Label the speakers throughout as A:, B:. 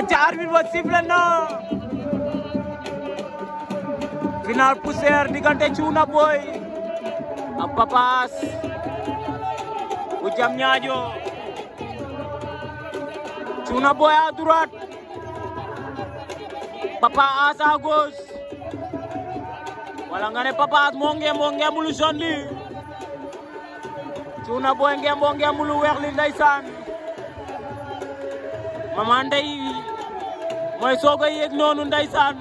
A: Acı buat Sivlana. Final pusher diganti Cuna boy. Apa pas? Ujamnya aja. Cuna boy aturat. Papa Asa Agus. Walangane Papa As monge mongge mulu Johnny. Cuna boy mongge monge mulu Werlin Daisan. Mamandai mooy soog yéeg noonu ndeysaan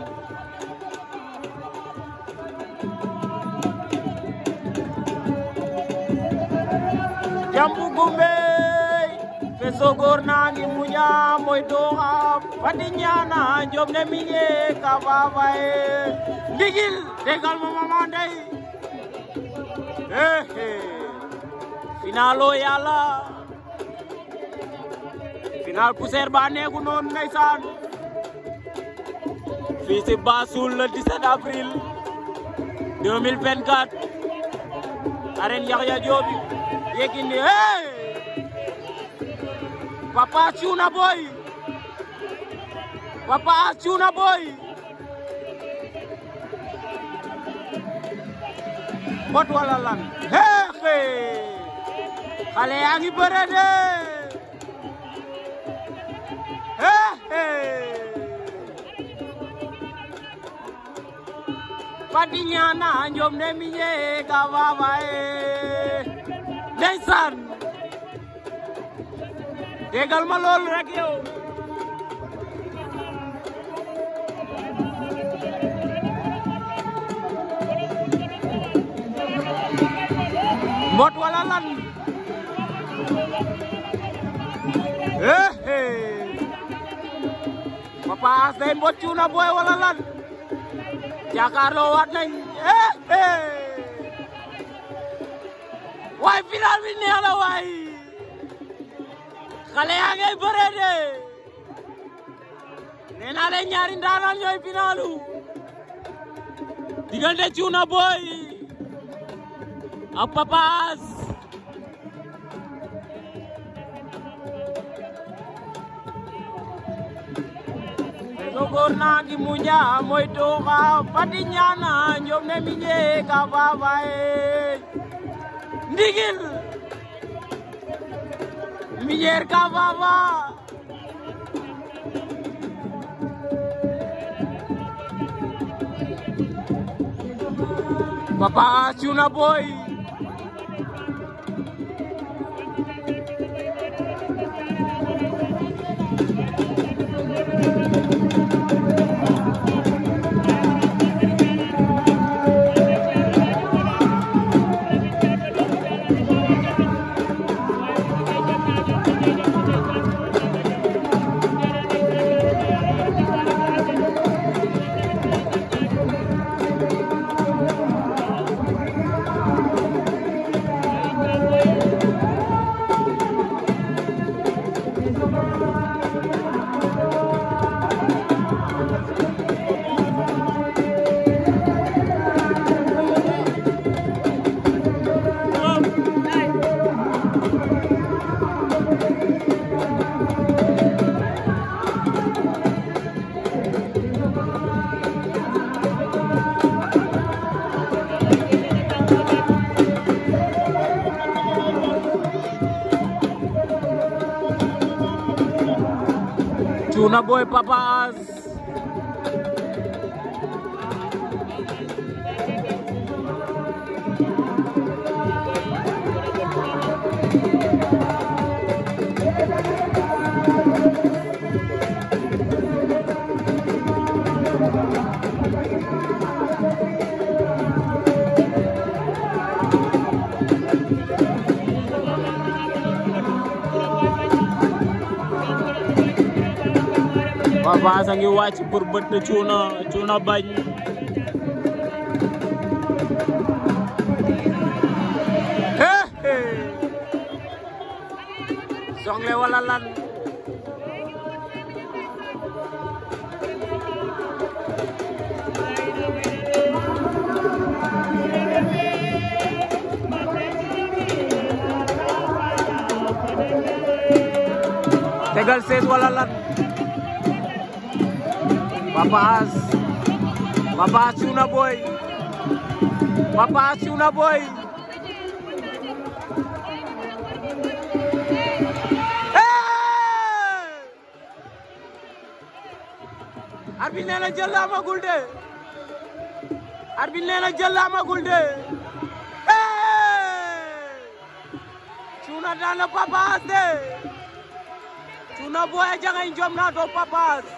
A: jambu gumbey fe sogoor naangi muña moy dooxa fati ñaana jom ne miñe ka faafaye ndigil tegal ma mama ndey ehe eh. finalo yàlla final poussière ba neegu noonu ndeysaan fii ci Bassoul le 17 avril 2024 arène Yaxya Diop Yékini hey Papa Cuuna Boy Papa Cuuna Boy bot wala lan xeexe xale yaa ngi bëre de fadi ñaana ñoom ne mi ñee ka waawaye ndeysaan déggal ma loolu rek yow mbot wala lan eh, eh. papa as day mbot cuuna booy wala jàkkaarloo waat nañ eh, eh. waaye final bi neex na waay xale yaa ngay bëree nee naa leen ñaari ndaanaan ñooy finalu diggante Cuuna Boy ak togorna gi munya moituka patinyana njom ne minye ka babae ndigil minyer ka baba papa chuna boy Una boy papas. ma Sow ngi wàcc pour bët Cuuna Cuuna bañ songle wala lan tegal sees wala Papas. Papas you na boy. Papas you na boy. Arbi nena jalla ma gulde. Arbi nena jalla ma gulde. Tuna dana papas de. Tuna boy jangan jom na do papas.